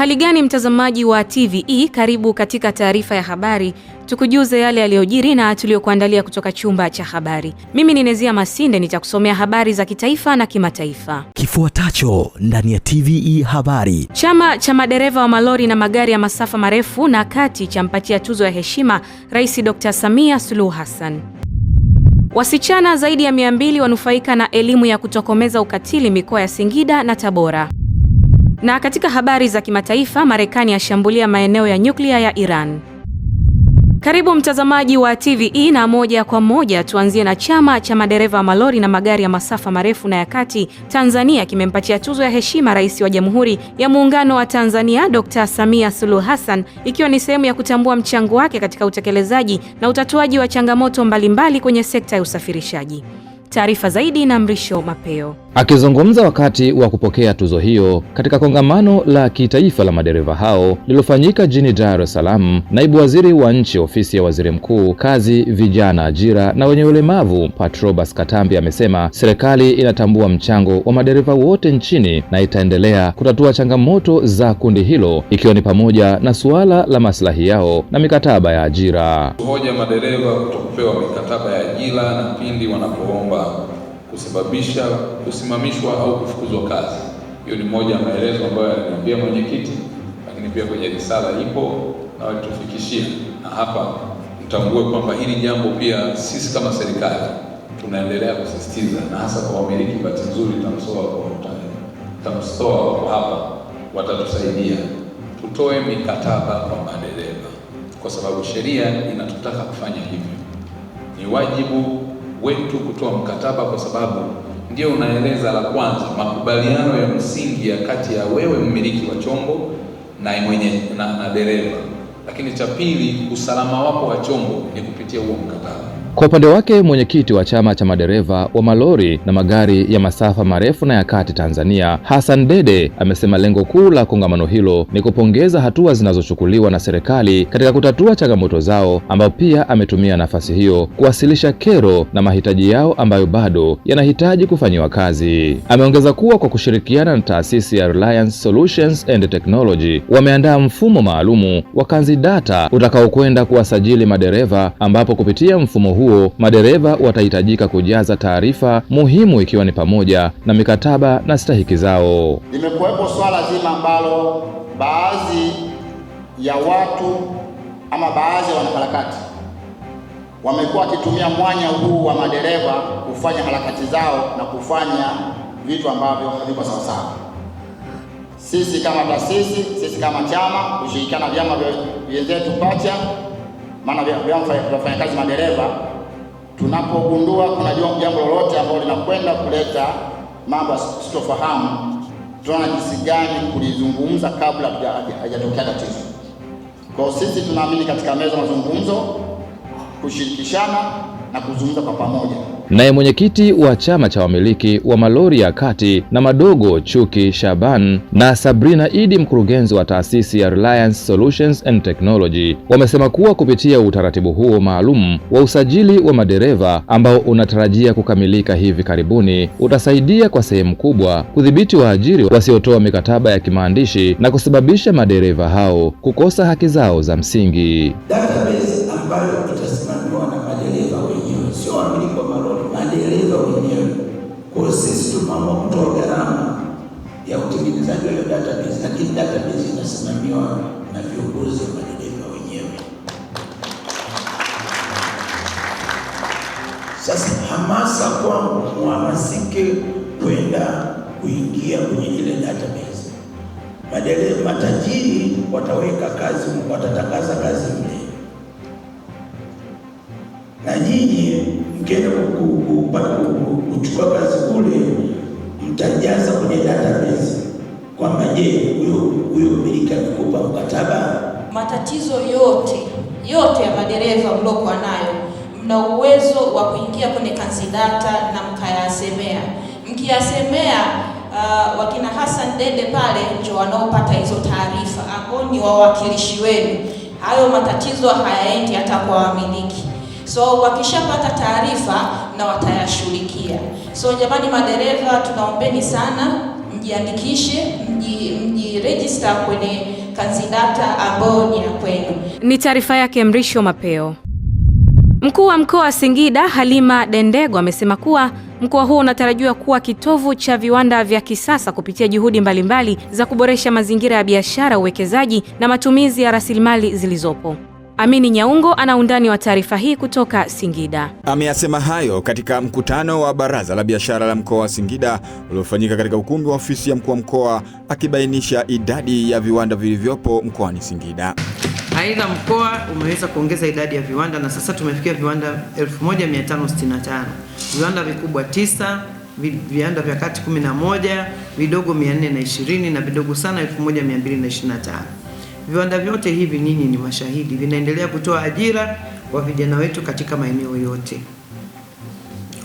Uhali gani mtazamaji wa TVE, karibu katika taarifa ya habari, tukujuze yale yaliyojiri na tuliyokuandalia kutoka chumba cha habari. Mimi ni Nezia Masinde, nitakusomea habari za kitaifa na kimataifa kifuatacho ndani ya TVE habari. Chama cha madereva wa malori na magari ya masafa marefu na kati champatia tuzo ya heshima Rais Dr. Samia Suluhu Hassan. Wasichana zaidi ya 200 wanufaika na elimu ya kutokomeza ukatili mikoa ya Singida na Tabora. Na katika habari za kimataifa, Marekani yashambulia maeneo ya nyuklia ya Iran. Karibu mtazamaji wa TVE na moja kwa moja tuanzie na chama cha madereva wa malori na magari ya masafa marefu na ya kati Tanzania kimempatia tuzo ya heshima Rais wa Jamhuri ya Muungano wa Tanzania Dr. Samia Suluhu Hassan ikiwa ni sehemu ya kutambua mchango wake katika utekelezaji na utatuaji wa changamoto mbalimbali kwenye sekta ya usafirishaji. Taarifa zaidi na Mrisho Mapeo. Akizungumza wakati wa kupokea tuzo hiyo katika kongamano la kitaifa la madereva hao lililofanyika jijini Dar es Salaam, naibu waziri wa nchi ofisi ya waziri mkuu, kazi, vijana, ajira na wenye ulemavu Patrobas Katambi amesema serikali inatambua mchango wa madereva wote nchini na itaendelea kutatua changamoto za kundi hilo ikiwa ni pamoja na suala la maslahi yao na mikataba ya ajira. Hoja madereva kutokupewa mikataba ya ajira na pindi wanapoomba kusababisha kusimamishwa au kufukuzwa kazi. Hiyo ni moja ya maelezo ambayo aliniambia mwenyekiti, lakini pia kwenye risala ipo na walitufikishia, na hapa mtambue kwamba hili jambo pia sisi kama serikali tunaendelea kusisitiza, na hasa kwa wamiliki. Bahati nzuri TAMSTOA wako hapa, watatusaidia tutoe mikataba kwa madereva, kwa sababu sheria inatutaka kufanya hivyo, ni wajibu wetu kutoa mkataba, kwa sababu ndio unaeleza la kwanza, makubaliano ya msingi ya kati ya wewe mmiliki wa chombo na mwenye na, na dereva. Lakini cha pili, usalama wako wa chombo ni kupitia huo mkataba. Kwa upande wake mwenyekiti wa chama cha madereva wa malori na magari ya masafa marefu na ya kati Tanzania, Hassan Dede amesema lengo kuu la kongamano hilo ni kupongeza hatua zinazochukuliwa na serikali katika kutatua changamoto zao, ambao pia ametumia nafasi hiyo kuwasilisha kero na mahitaji yao ambayo bado yanahitaji kufanyiwa kazi. Ameongeza kuwa kwa kushirikiana na taasisi ya Reliance Solutions and Technology wameandaa mfumo maalumu wa kanzi data utakaokwenda kuwasajili madereva ambapo kupitia mfumo huo, madereva watahitajika kujaza taarifa muhimu ikiwa ni pamoja na mikataba na stahiki zao. Limekuwepo swala zima ambalo baadhi ya watu ama baadhi ya wanaharakati wamekuwa wakitumia mwanya huu wa madereva kufanya harakati zao na kufanya vitu ambavyo haviko sawasawa. Sisi kama taasisi, sisi kama chama kushirikiana vyama vyenzetu pacha, maana vyama vya wafanyakazi madereva tunapogundua kuna jambo lolote ambalo linakwenda kuleta mambo sitofahamu, tunaona jinsi gani kulizungumza kabla hajatokea tatizo. Kwa sisi tunaamini katika meza mazungumzo, kushirikishana na kuzungumza kwa pamoja. Naye mwenyekiti wa chama cha wamiliki wa malori ya kati na madogo Chuki Shaban na Sabrina Idi, mkurugenzi wa taasisi ya Reliance Solutions and Technology, wamesema kuwa kupitia utaratibu huo maalum wa usajili wa madereva ambao unatarajia kukamilika hivi karibuni utasaidia kwa sehemu kubwa kudhibiti waajiri wasiotoa mikataba ya kimaandishi na kusababisha madereva hao kukosa haki zao za msingi. Database ambayo itasimamia process sisi tumeamua kutoa gharama ya utengenezaji wa hiyo database, lakini database inasimamiwa na viongozi wa madereva wenyewe. Sasa hamasa kwangu, muhamasike kwenda kuingia kwenye ile database. Madereva matajiri wataweka kazi, watatangaza kazi mle na nyinyi mkienda kupata kuchukua kazi kule, mtajaza kwenye database kwamba je, huyo huyo mmiliki amekupa mkataba. Matatizo yote yote ya madereva mliokuwa nayo, mna uwezo wa kuingia kwenye data na mkayasemea. Mkiyasemea uh, wakina Hassan Dede pale ndio wanaopata hizo taarifa, ambao ni wawakilishi wenu. Hayo matatizo hayaendi hata kwa wamiliki. So wakishapata taarifa na watayashughulikia. So jamani, madereva tunaombeni sana mjiandikishe, mjiregister mji kwenye data ambayo ni ya kwenu. Ni taarifa yake Mrisho Mapeo. Mkuu wa mkoa wa Singida Halima Dendego amesema kuwa mkoa huo unatarajiwa kuwa kitovu cha viwanda vya kisasa kupitia juhudi mbalimbali za kuboresha mazingira ya biashara, uwekezaji na matumizi ya rasilimali zilizopo. Amini Nyaungo ana undani wa taarifa hii kutoka Singida. Ameyasema hayo katika mkutano wa Baraza la Biashara la Mkoa wa Singida uliofanyika katika ukumbi wa ofisi ya mkuu wa mkoa, akibainisha idadi ya viwanda vilivyopo mkoani Singida. Aidha, mkoa umeweza kuongeza idadi ya viwanda na sasa tumefikia viwanda 1565 viwanda vikubwa tisa, viwanda vya kati 11, vidogo 420 na vidogo sana 1225. Viwanda vyote hivi, nyinyi ni mashahidi, vinaendelea kutoa ajira kwa vijana wetu katika maeneo yote.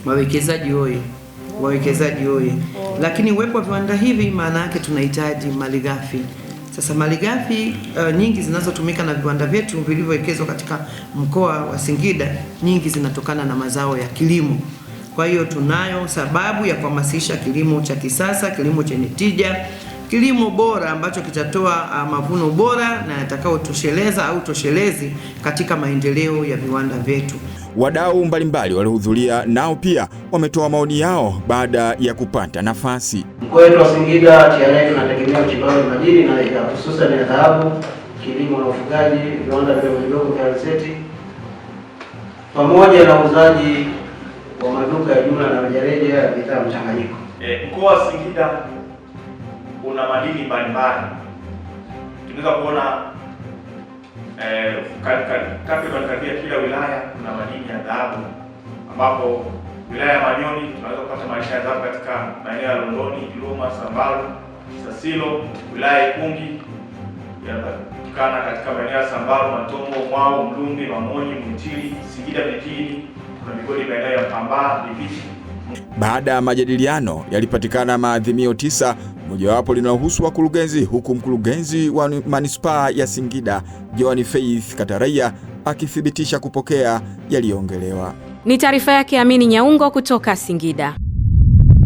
Wawekezaji oye! Wawekezaji oye! Lakini uwepo wa viwanda hivi, maana yake tunahitaji malighafi. Sasa malighafi uh, nyingi zinazotumika na viwanda vyetu vilivyowekezwa katika mkoa wa Singida, nyingi zinatokana na mazao ya kilimo. Kwa hiyo tunayo sababu ya kuhamasisha kilimo cha kisasa, kilimo chenye tija kilimo bora ambacho kitatoa ah, mavuno bora na yatakayotosheleza au toshelezi katika maendeleo ya viwanda vyetu. Wadau mbalimbali waliohudhuria nao pia wametoa maoni yao baada ya kupata nafasi. Mkoa wetu wa Singida TRA tunategemea uchimbaji madini na hususan ya dhahabu, kilimo na ufugaji, viwanda vidogo vidogo vya alizeti pamoja na uuzaji wa maduka ya jumla na rejareja ya bidhaa mchanganyiko. E, mkoa wa Singida kuna madini mbalimbali. Tunaweza kuona eh, takriban karibia kila wilaya kuna madini ya dhahabu, ambapo wilaya ya Manyoni tunaweza kupata maisha ya dhahabu katika maeneo ya Londoni, Iluma, Sambaru, Sasilo, wilaya Ikungi yanapatikana katika maeneo ya Sambaru, Matombo, Mwao, Mlumbi, Mamonyi, Mwitili, Singida vijijini, kuna migodi maeneo ya Pambaa, Lipichi. Baada ya majadiliano yalipatikana maadhimio tisa mojawapo linahusu wakurugenzi, huku mkurugenzi wa manispaa ya Singida Joan Faith Kataraia akithibitisha kupokea yaliyoongelewa. Ni taarifa yake Amini Nyaungo kutoka Singida.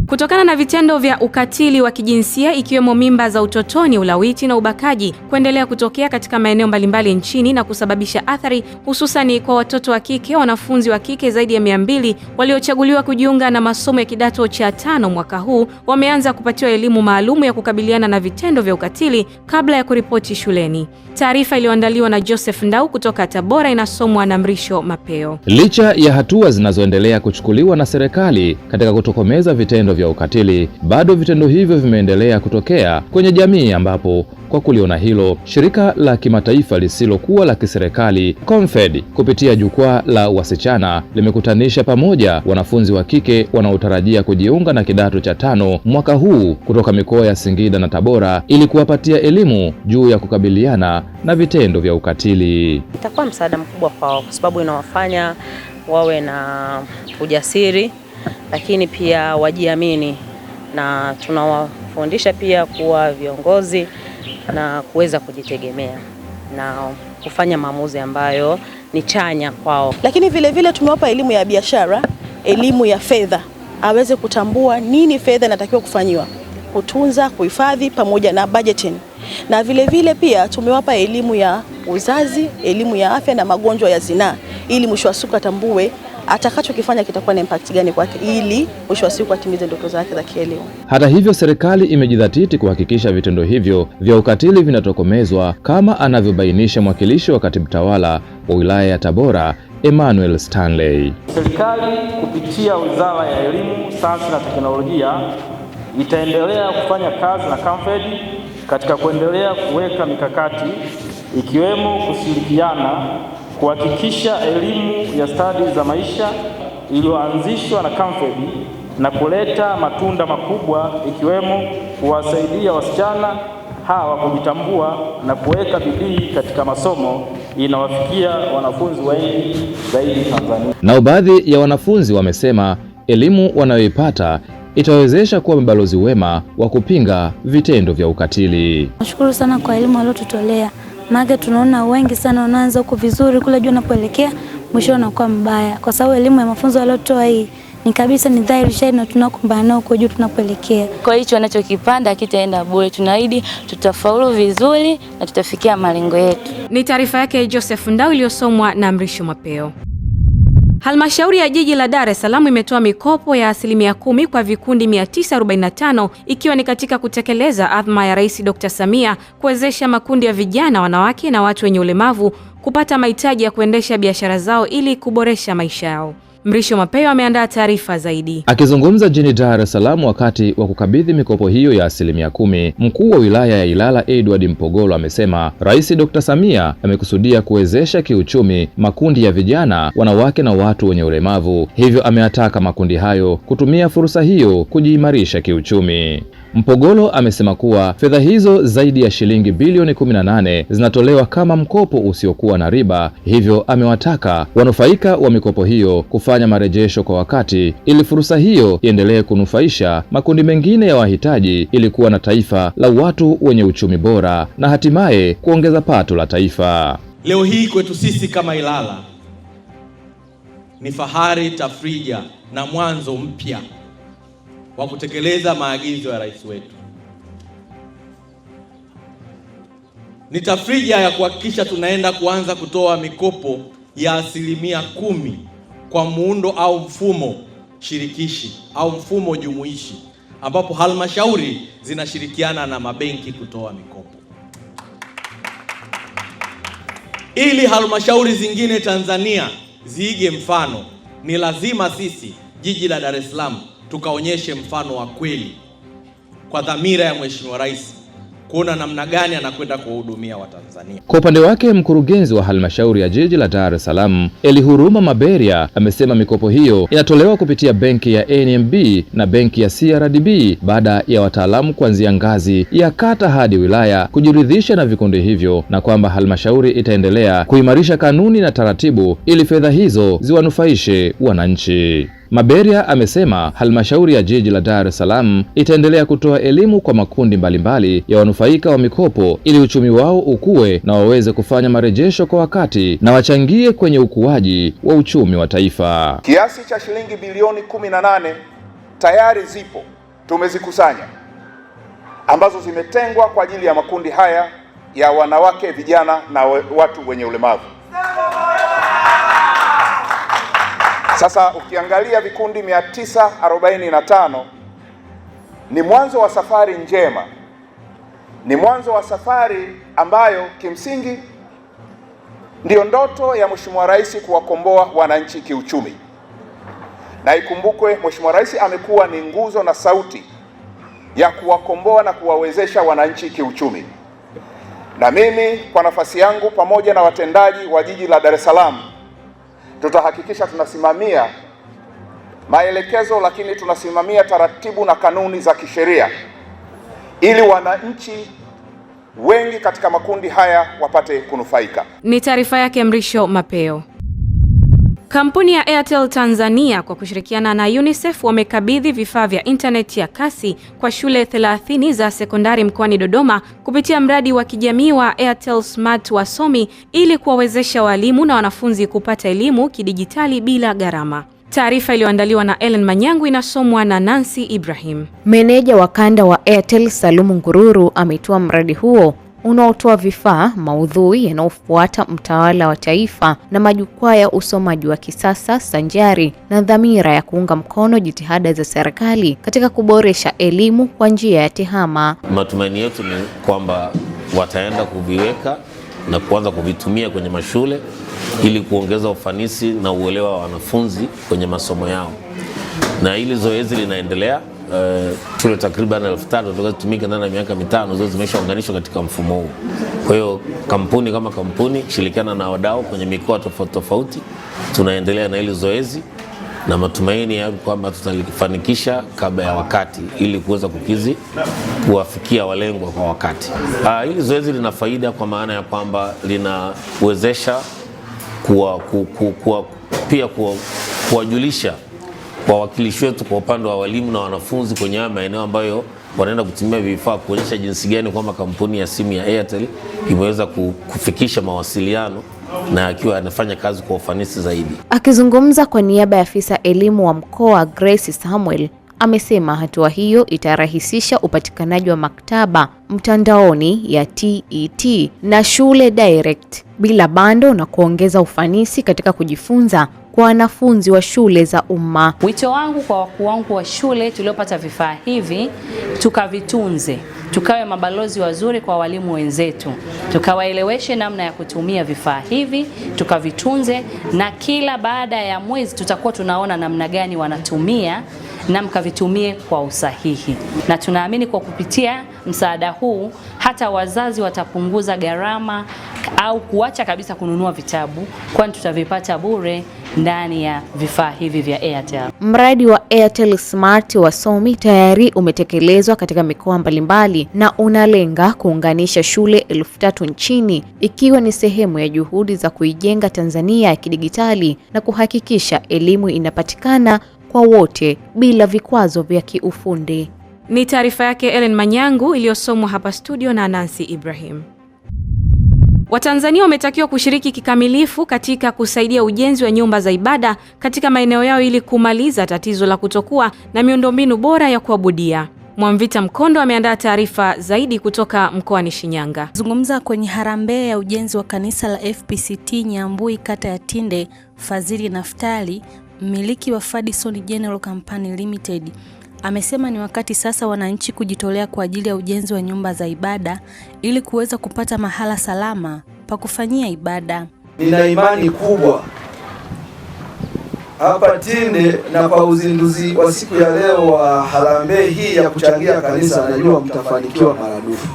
Kutokana na vitendo vya ukatili wa kijinsia ikiwemo mimba za utotoni, ulawiti na ubakaji kuendelea kutokea katika maeneo mbalimbali nchini na kusababisha athari hususani kwa watoto wa kike, wanafunzi wa kike zaidi ya mia mbili waliochaguliwa kujiunga na masomo ya kidato cha tano mwaka huu wameanza kupatiwa elimu maalumu ya kukabiliana na vitendo vya ukatili kabla ya kuripoti shuleni. Taarifa iliyoandaliwa na Joseph Ndau kutoka Tabora inasomwa na Mrisho Mapeo. Licha ya hatua zinazoendelea kuchukuliwa na serikali katika kutokomeza vitendo vya ukatili, bado vitendo hivyo vimeendelea kutokea kwenye jamii, ambapo kwa kuliona hilo shirika la kimataifa lisilokuwa la kiserikali Confed kupitia jukwaa la wasichana limekutanisha pamoja wanafunzi wa kike wanaotarajia kujiunga na kidato cha tano mwaka huu kutoka mikoa ya Singida na Tabora ili kuwapatia elimu juu ya kukabiliana na vitendo vya ukatili. Itakuwa msaada mkubwa kwao kwa sababu inawafanya wawe na ujasiri lakini pia wajiamini, na tunawafundisha pia kuwa viongozi na kuweza kujitegemea na kufanya maamuzi ambayo ni chanya kwao. Lakini vile vile tumewapa elimu ya biashara, elimu ya fedha, aweze kutambua nini fedha inatakiwa kufanyiwa, kutunza, kuhifadhi pamoja na budgeting. Na vile vile pia tumewapa elimu ya uzazi, elimu ya afya na magonjwa ya zinaa, ili mwisho wa siku atambue atakachokifanya kitakuwa na impact gani kwake, ili mwisho wa siku atimize ndoto zake za kielimu. Hata hivyo, serikali imejidhatiti kuhakikisha vitendo hivyo vya ukatili vinatokomezwa, kama anavyobainisha mwakilishi wa katibu tawala wa wilaya ya Tabora Emmanuel Stanley. Serikali kupitia Wizara ya Elimu, Sayansi na Teknolojia itaendelea kufanya kazi na CAMFED katika kuendelea kuweka mikakati ikiwemo kushirikiana kuhakikisha elimu ya stadi za maisha iliyoanzishwa na Camfed na kuleta matunda makubwa ikiwemo kuwasaidia wasichana hawa kujitambua na kuweka bidii katika masomo inawafikia wanafunzi wengi zaidi Tanzania. Nao baadhi ya wanafunzi wamesema elimu wanayoipata itawezesha kuwa mabalozi wema wa kupinga vitendo vya ukatili. Nashukuru sana kwa elimu aliyotutolea maana tunaona wengi sana wanaanza huko vizuri kule juu anapoelekea mwisho unakuwa mbaya, kwa sababu elimu ya mafunzo aliyotoa hii ni kabisa ni dhahiri shahidi, na tunakumbana nao huko juu tunapoelekea. Kwa hicho anachokipanda kitaenda bure, tunaahidi tutafaulu vizuri na tutafikia malengo yetu. Ni taarifa yake Joseph Ndau iliyosomwa na Mrisho Mapeo. Halmashauri ya jiji la Dar es Salaam imetoa mikopo ya asilimia kumi kwa vikundi 945 ikiwa ni katika kutekeleza adhma ya Rais Dr. Samia kuwezesha makundi ya vijana, wanawake na watu wenye ulemavu kupata mahitaji ya kuendesha biashara zao ili kuboresha maisha yao. Mrisho Mapeo ameandaa taarifa zaidi. Akizungumza jijini Dar es Salaam wakati wa kukabidhi mikopo hiyo ya asilimia kumi, mkuu wa wilaya ya Ilala Edward Mpogolo amesema Rais Dr. Samia amekusudia kuwezesha kiuchumi makundi ya vijana, wanawake na watu wenye ulemavu, hivyo ameataka makundi hayo kutumia fursa hiyo kujiimarisha kiuchumi. Mpogolo amesema kuwa fedha hizo zaidi ya shilingi bilioni 18 zinatolewa kama mkopo usiokuwa na riba, hivyo amewataka wanufaika wa mikopo hiyo kufanya marejesho kwa wakati ili fursa hiyo iendelee kunufaisha makundi mengine ya wahitaji ili kuwa na taifa la watu wenye uchumi bora na hatimaye kuongeza pato la taifa. Leo hii kwetu sisi kama Ilala ni fahari, tafrija na mwanzo mpya wa kutekeleza maagizo ya rais wetu. Ni tafrija ya kuhakikisha tunaenda kuanza kutoa mikopo ya asilimia kumi kwa muundo au mfumo shirikishi au mfumo jumuishi ambapo halmashauri zinashirikiana na mabenki kutoa mikopo ili halmashauri zingine Tanzania ziige mfano. Ni lazima sisi jiji la Dar es Salaam tukaonyeshe mfano wa kweli kwa dhamira ya Mheshimiwa Rais kuona namna gani anakwenda kuwahudumia Watanzania. Kwa upande wake, mkurugenzi wa halmashauri ya jiji la Dar es Salaam Elihuruma Maberia amesema mikopo hiyo inatolewa kupitia benki ya NMB na benki ya CRDB baada ya wataalamu kuanzia ngazi ya kata hadi wilaya kujiridhisha na vikundi hivyo, na kwamba halmashauri itaendelea kuimarisha kanuni na taratibu ili fedha hizo ziwanufaishe wananchi. Maberia amesema halmashauri ya jiji la Dar es Salaam itaendelea kutoa elimu kwa makundi mbalimbali mbali ya wanufaika wa mikopo ili uchumi wao ukue na waweze kufanya marejesho kwa wakati na wachangie kwenye ukuaji wa uchumi wa taifa. Kiasi cha shilingi bilioni 18 tayari zipo tumezikusanya, ambazo zimetengwa kwa ajili ya makundi haya ya wanawake, vijana na watu wenye ulemavu. Sasa ukiangalia vikundi 945 ni mwanzo wa safari njema, ni mwanzo wa safari ambayo kimsingi ndiyo ndoto ya Mheshimiwa Rais kuwakomboa wananchi kiuchumi. Na ikumbukwe Mheshimiwa Rais amekuwa ni nguzo na sauti ya kuwakomboa na kuwawezesha wananchi kiuchumi. Na mimi kwa nafasi yangu pamoja na watendaji wa jiji la Dar es Salaam tutahakikisha tunasimamia maelekezo, lakini tunasimamia taratibu na kanuni za kisheria ili wananchi wengi katika makundi haya wapate kunufaika. Ni taarifa yake Mrisho Mapeo. Kampuni ya Airtel Tanzania kwa kushirikiana na UNICEF wamekabidhi vifaa vya intaneti ya kasi kwa shule 30 za sekondari mkoani Dodoma kupitia mradi wa kijamii wa Airtel Smart Wasomi ili kuwawezesha walimu na wanafunzi kupata elimu kidijitali bila gharama. Taarifa iliyoandaliwa na Ellen Manyangu inasomwa na Nancy Ibrahim. Meneja wa kanda wa Airtel Salumu Ngururu ametoa mradi huo unaotoa vifaa, maudhui yanayofuata mtawala wa taifa na majukwaa ya usomaji wa kisasa sanjari na dhamira ya kuunga mkono jitihada za serikali katika kuboresha elimu kwa njia ya tehama. Matumaini yetu ni kwamba wataenda kuviweka na kuanza kuvitumia kwenye mashule ili kuongeza ufanisi na uelewa wa wanafunzi kwenye masomo yao, na hili zoezi linaendelea shule eh, uh, takriban elfu tatu zitakazotumika ndani ya miaka mitano zote zimeshaunganishwa katika mfumo huu. Kwa hiyo kampuni kama kampuni shirikiana na wadau kwenye mikoa tofauti tofauti, tunaendelea na hili zoezi na matumaini ya kwamba tutalifanikisha kabla ya wakati ili kuweza kukizi kuwafikia walengwa kwa wakati. Uh, hili zoezi lina faida kwa maana ya kwamba linawezesha kuwa, ku, ku, kuwa, pia kuwajulisha kuwa wawakilishi wetu kwa upande wa walimu na wanafunzi kwenye haya maeneo ambayo wanaenda kutumia vifaa kuonyesha jinsi gani kwamba kampuni ya simu ya Airtel imeweza kufikisha mawasiliano na akiwa anafanya kazi kwa ufanisi zaidi. Akizungumza kwa niaba ya afisa elimu wa mkoa Grace Samuel amesema hatua hiyo itarahisisha upatikanaji wa maktaba mtandaoni ya TET e na Shule Direct bila bando na kuongeza ufanisi katika kujifunza kwa wanafunzi wa shule za umma. Wito wangu kwa wakuu wangu wa shule tuliopata vifaa hivi, tukavitunze, tukawe mabalozi wazuri kwa walimu wenzetu, tukawaeleweshe namna ya kutumia vifaa hivi, tukavitunze, na kila baada ya mwezi tutakuwa tunaona namna gani wanatumia na mkavitumie kwa usahihi, na tunaamini kwa kupitia msaada huu hata wazazi watapunguza gharama au kuacha kabisa kununua vitabu, kwani tutavipata bure ndani ya vifaa hivi vya Airtel. Mradi wa Airtel Smart Wasomi tayari umetekelezwa katika mikoa mbalimbali na unalenga kuunganisha shule elfu tatu nchini ikiwa ni sehemu ya juhudi za kuijenga Tanzania ya kidigitali na kuhakikisha elimu inapatikana kwa wote bila vikwazo vya kiufundi. Ni taarifa yake Ellen Manyangu iliyosomwa hapa studio na Nancy Ibrahim. Watanzania wametakiwa kushiriki kikamilifu katika kusaidia ujenzi wa nyumba za ibada katika maeneo yao ili kumaliza tatizo la kutokuwa na miundombinu bora ya kuabudia. Mwamvita Mkondo ameandaa taarifa zaidi kutoka mkoani Shinyanga. Zungumza kwenye harambee ya ujenzi wa kanisa la FPCT Nyambui, kata ya Tinde, Fadhili Naftali, Mmiliki wa Fadison General Company Limited amesema ni wakati sasa wananchi kujitolea kwa ajili ya ujenzi wa nyumba za ibada ili kuweza kupata mahala salama pa kufanyia ibada. Nina imani kubwa hapa Tinde na kwa uzinduzi wa siku ya leo wa harambee hii ya kuchangia kanisa, najua mtafanikiwa maradufu.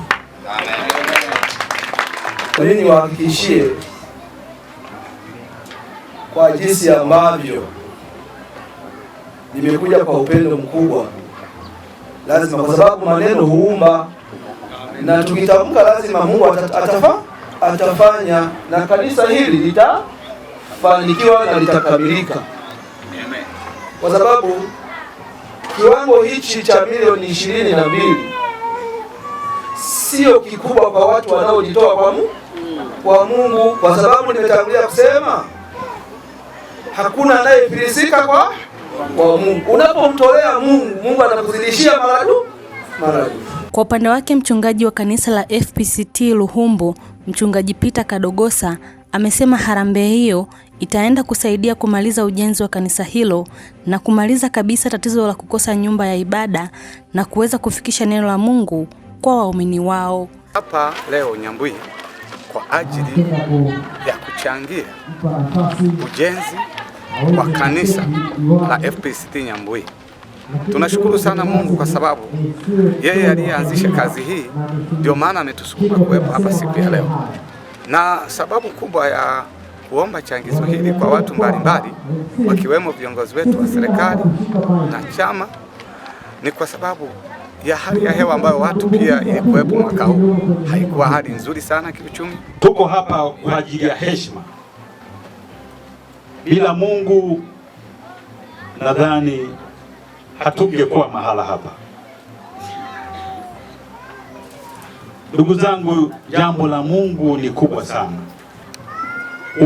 Kwa nini niwahakikishie kwa jinsi ambavyo nimekuja kwa upendo mkubwa, lazima, kwa sababu maneno huumba na tukitamka lazima Mungu atafa, atafanya na kanisa hili litafanikiwa na litakamilika, kwa sababu kiwango hichi cha milioni ishirini na mbili sio kikubwa kwa watu wanaojitoa kwa, kwa Mungu, kwa sababu nimetangulia kusema hakuna anayefilisika kwa kwa Mungu. Unapomtolea Mungu, Mungu anakuzidishia maradu maradu. Kwa upande wake mchungaji wa kanisa la FPCT Luhumbu, mchungaji Peter Kadogosa amesema harambee hiyo itaenda kusaidia kumaliza ujenzi wa kanisa hilo na kumaliza kabisa tatizo la kukosa nyumba ya ibada na kuweza kufikisha neno la Mungu kwa waumini wao. Hapa leo Nyambui kwa ajili ya kuchangia ujenzi wa kanisa la FPCT Nyambui. Tunashukuru sana Mungu kwa sababu yeye aliyeanzisha kazi hii ndio maana ametusukuma kuwepo hapa siku ya leo, na sababu kubwa ya kuomba changizo hili kwa watu mbalimbali wakiwemo viongozi wetu wa serikali na chama ni kwa sababu ya hali ya hewa ambayo watu pia ilikuwepo mwaka huu, haikuwa hali nzuri sana kiuchumi. Tuko hapa kwa ajili ya heshima bila Mungu nadhani hatungekuwa mahala hapa. Ndugu zangu, jambo la Mungu ni kubwa sana.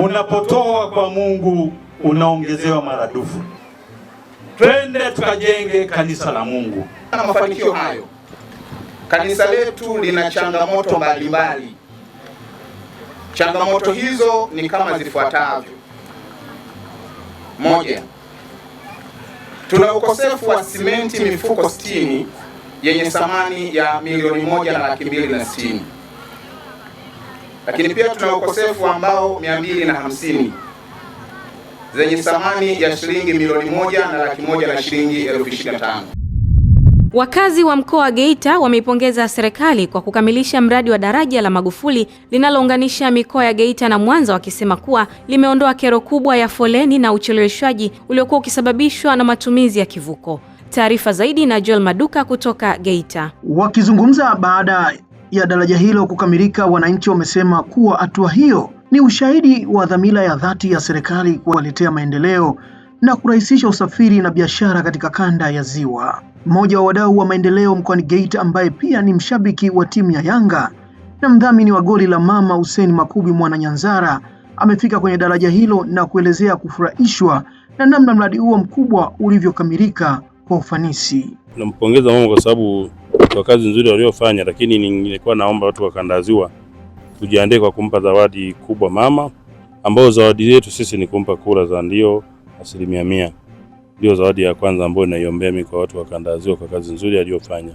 Unapotoa kwa Mungu unaongezewa maradufu. Twende tukajenge kanisa la Mungu. Na mafanikio hayo, kanisa letu lina changamoto mbalimbali. Changamoto hizo ni kama zifuatavyo. Moja, tuna ukosefu wa simenti mifuko sitini yenye thamani ya milioni moja na laki mbili na sitini lakini pia tuna ukosefu wa mbao mia mbili na hamsini zenye thamani ya shilingi milioni moja na laki moja na shilingi elfu ishirini na tano. Wakazi wa mkoa wa Geita wameipongeza serikali kwa kukamilisha mradi wa daraja la Magufuli linalounganisha mikoa ya Geita na Mwanza wakisema kuwa limeondoa kero kubwa ya foleni na ucheleweshwaji uliokuwa ukisababishwa na matumizi ya kivuko. Taarifa zaidi na Joel Maduka kutoka Geita. Wakizungumza baada ya daraja hilo kukamilika, wananchi wamesema kuwa hatua hiyo ni ushahidi wa dhamira ya dhati ya serikali kuwaletea maendeleo na kurahisisha usafiri na biashara katika kanda ya Ziwa. Mmoja wa wadau wa maendeleo mkoani Geita ambaye pia ni mshabiki wa timu ya Yanga na mdhamini wa goli la mama Hussein Makubi mwana nyanzara amefika kwenye daraja hilo na kuelezea kufurahishwa na namna mradi huo mkubwa ulivyokamilika kwa ufanisi. Nampongeza mama kwa sababu kwa kazi nzuri waliofanya, lakini nilikuwa naomba watu wa kanda ya Ziwa tujiandae kwa kumpa zawadi kubwa mama, ambayo zawadi yetu sisi ni kumpa kura za ndio asilimia mia. Ndio zawadi ya kwanza ambayo naiombea mimi kwa watu wa Kandaaziwa kwa kazi nzuri aliyofanya.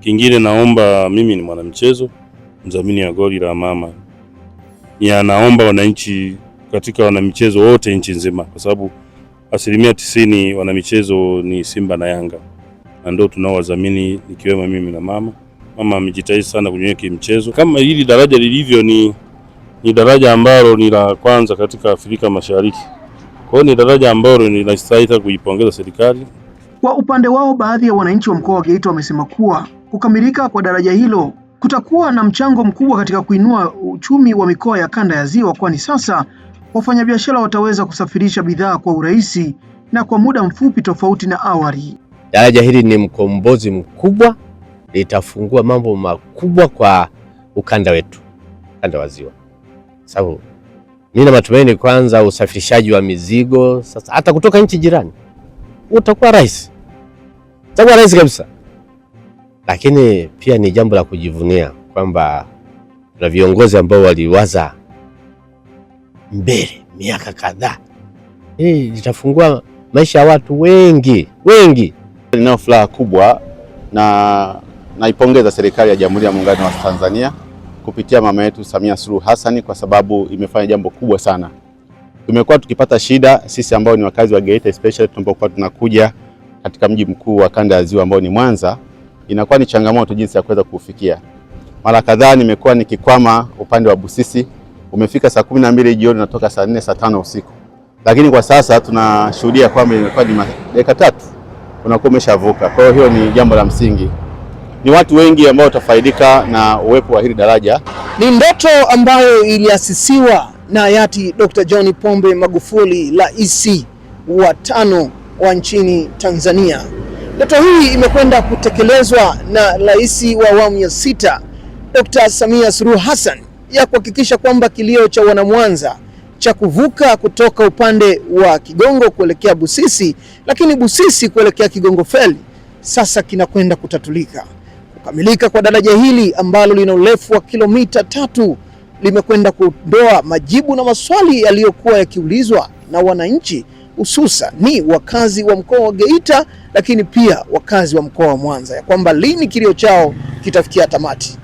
Kingine naomba mimi ni mwanamchezo, mdhamini ya goli la mama ya naomba wananchi katika wanamichezo wote nchi nzima, kwa sababu asilimia tisini wanamichezo ni Simba na Yanga na ndio tunaowadhamini ikiwemo mimi na mama. Mama amejitahidi sana kwenye kimchezo. Kama hili daraja lilivyo, ni, ni daraja ambalo ni la kwanza katika Afrika Mashariki. Kwa hiyo ni daraja ambalo ninastahili kuipongeza serikali. Kwa upande wao, baadhi ya wananchi wa mkoa wa Geita wamesema kuwa kukamilika kwa daraja hilo kutakuwa na mchango mkubwa katika kuinua uchumi wa mikoa ya kanda ya Ziwa, kwani sasa wafanyabiashara wataweza kusafirisha bidhaa kwa urahisi na kwa muda mfupi tofauti na awali. Daraja hili ni mkombozi mkubwa, litafungua mambo makubwa kwa ukanda wetu, ukanda wa Ziwa, sababu Nina matumaini kwanza, usafirishaji wa mizigo sasa hata kutoka nchi jirani utakuwa rahisi, utakuwa rahisi kabisa. Lakini pia ni jambo la kujivunia kwamba tuna viongozi ambao waliwaza mbele miaka kadhaa. Hili litafungua maisha ya watu wengi wengi. Ninayo furaha kubwa na naipongeza serikali ya Jamhuri ya Muungano wa Tanzania kupitia mama yetu Samia Suluhu Hassan kwa sababu imefanya jambo kubwa sana. Tumekuwa tukipata shida sisi ambao ni wakazi wa Geita especially tunapokuwa tunakuja katika mji mkuu wa kanda ya Ziwa ambao ni Mwanza, inakuwa ni changamoto jinsi ya kuweza kufikia. Mara kadhaa nimekuwa nikikwama upande wa Busisi, umefika saa kumi na mbili jioni natoka saa nne saa tano usiku, lakini kwa sasa tunashuhudia kwamba imekuwa ni dakika tatu unakuwa umeshavuka. Kwa hiyo hiyo ni jambo la msingi ni watu wengi ambao watafaidika na uwepo wa hili daraja. Ni ndoto ambayo iliasisiwa na hayati Dr. John Pombe Magufuli, rais wa tano wa nchini Tanzania. Ndoto hii imekwenda kutekelezwa na rais wa awamu ya sita Dr. Samia Suluhu Hassan ya kuhakikisha kwamba kilio cha wanamwanza cha kuvuka kutoka upande wa Kigongo kuelekea Busisi, lakini Busisi kuelekea Kigongo Feli sasa kinakwenda kutatulika. Kukamilika kwa daraja hili ambalo lina urefu wa kilomita tatu limekwenda kuondoa majibu na maswali yaliyokuwa yakiulizwa na wananchi hususan ni wakazi wa mkoa wa Geita, lakini pia wakazi wa mkoa wa Mwanza ya kwamba lini kilio chao kitafikia tamati.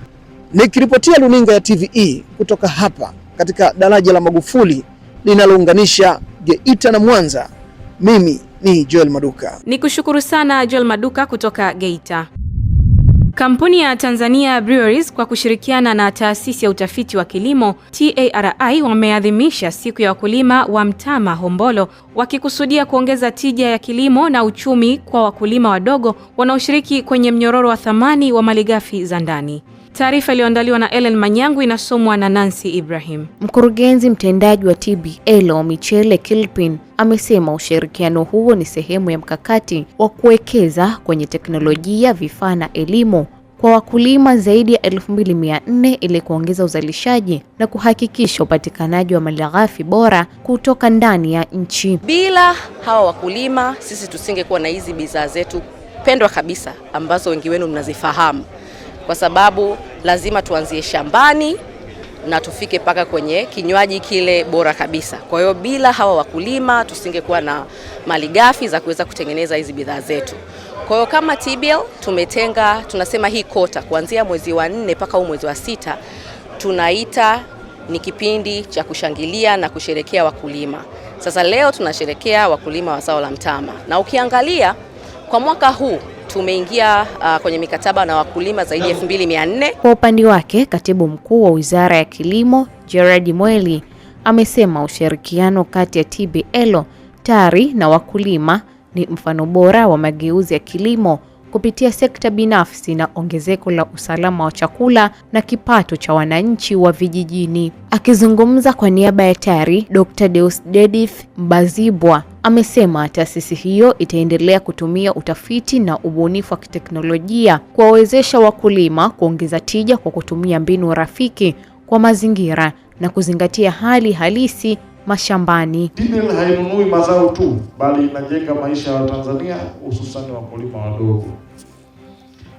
Nikiripotia runinga ya TVE kutoka hapa katika daraja la Magufuli linalounganisha Geita na Mwanza, mimi ni Joel Maduka. Nikushukuru sana Joel Maduka kutoka Geita. Kampuni ya Tanzania Breweries kwa kushirikiana na taasisi ya utafiti wa kilimo TARI wameadhimisha siku ya wakulima wa Mtama Hombolo, wakikusudia kuongeza tija ya kilimo na uchumi kwa wakulima wadogo wanaoshiriki kwenye mnyororo wa thamani wa malighafi za ndani. Taarifa iliyoandaliwa na Ellen Manyangu inasomwa na Nancy Ibrahim. Mkurugenzi mtendaji wa TBL Michele Kilpin amesema ushirikiano huo ni sehemu ya mkakati wa kuwekeza kwenye teknolojia, vifaa na elimu kwa wakulima zaidi ya 2400 ili kuongeza uzalishaji na kuhakikisha upatikanaji wa malighafi bora kutoka ndani ya nchi. Bila hawa wakulima, sisi tusingekuwa na hizi bidhaa zetu pendwa kabisa ambazo wengi wenu mnazifahamu kwa sababu lazima tuanzie shambani na tufike mpaka kwenye kinywaji kile bora kabisa. Kwa hiyo bila hawa wakulima tusingekuwa na malighafi za kuweza kutengeneza hizi bidhaa zetu. Kwa hiyo kama TBL tumetenga, tunasema hii kota kuanzia mwezi wa nne mpaka huu mwezi wa sita tunaita ni kipindi cha kushangilia na kusherekea wakulima. Sasa leo tunasherekea wakulima wa zao la mtama, na ukiangalia kwa mwaka huu tumeingia uh, kwenye mikataba na wakulima zaidi ya 2400. Kwa upande wake, Katibu Mkuu wa Wizara ya Kilimo Gerard Mweli amesema ushirikiano kati ya TBL TARI na wakulima ni mfano bora wa mageuzi ya kilimo kupitia sekta binafsi na ongezeko la usalama wa chakula na kipato cha wananchi wa vijijini. Akizungumza kwa niaba ya TARI, Dr. Deusdedith Mbazibwa amesema taasisi hiyo itaendelea kutumia utafiti na ubunifu wa kiteknolojia kuwawezesha wakulima kuongeza tija kwa kutumia mbinu rafiki kwa mazingira na kuzingatia hali halisi mashambani. DNL hainunui mazao tu, bali inajenga maisha ya Watanzania hususani wakulima wadogo.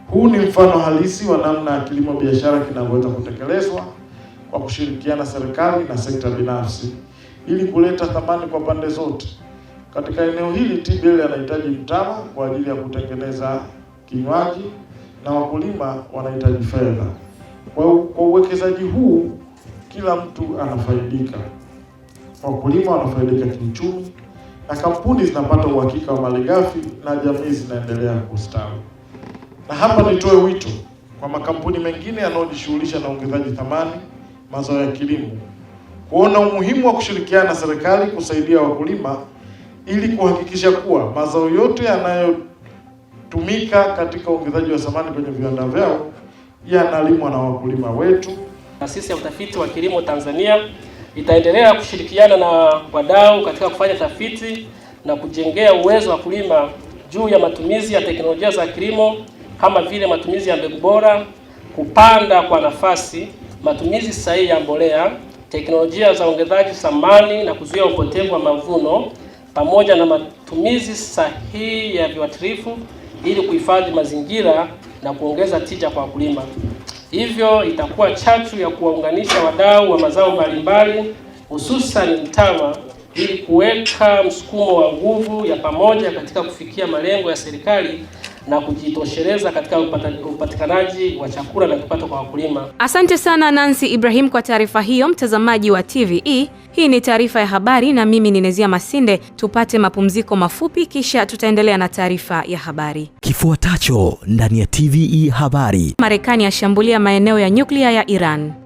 Huu ni mfano halisi wa namna ya kilimo biashara kinavyoweza kutekelezwa kwa kushirikiana serikali na sekta binafsi ili kuleta thamani kwa pande zote. Katika eneo hili TBL anahitaji mtama kwa ajili ya kutengeneza kinywaji na wakulima wanahitaji fedha. Kwa uwekezaji huu kila mtu anafaidika wakulima wanafaidika kiuchumi na kampuni zinapata uhakika wa malighafi na jamii zinaendelea kustawi. Na hapa nitoe wito kwa makampuni mengine yanayojishughulisha na uongezaji thamani mazao ya kilimo kuona umuhimu wa kushirikiana na serikali kusaidia wakulima ili kuhakikisha kuwa mazao yote yanayotumika katika uongezaji wa thamani kwenye viwanda vyao yanalimwa na wakulima wetu. Taasisi ya Utafiti wa Kilimo Tanzania itaendelea kushirikiana na wadau katika kufanya tafiti na kujengea uwezo wa kulima juu ya matumizi ya teknolojia za kilimo kama vile matumizi ya mbegu bora, kupanda kwa nafasi, matumizi sahihi ya mbolea, teknolojia za ongezaji thamani na kuzuia upotevu wa mavuno, pamoja na matumizi sahihi ya viuatilifu ili kuhifadhi mazingira na kuongeza tija kwa wakulima. Hivyo itakuwa chachu ya kuwaunganisha wadau wa mazao mbalimbali hususan mtama ili kuweka msukumo wa nguvu ya pamoja katika kufikia malengo ya serikali na kujitosheleza katika upatikanaji wa chakula na kipato kwa wakulima. Asante sana Nancy Ibrahim kwa taarifa hiyo. Mtazamaji wa TVE, hii ni taarifa ya habari na mimi ni Nezia Masinde. Tupate mapumziko mafupi, kisha tutaendelea na taarifa ya habari kifuatacho ndani ya TVE habari. Marekani yashambulia maeneo ya nyuklia ya Iran.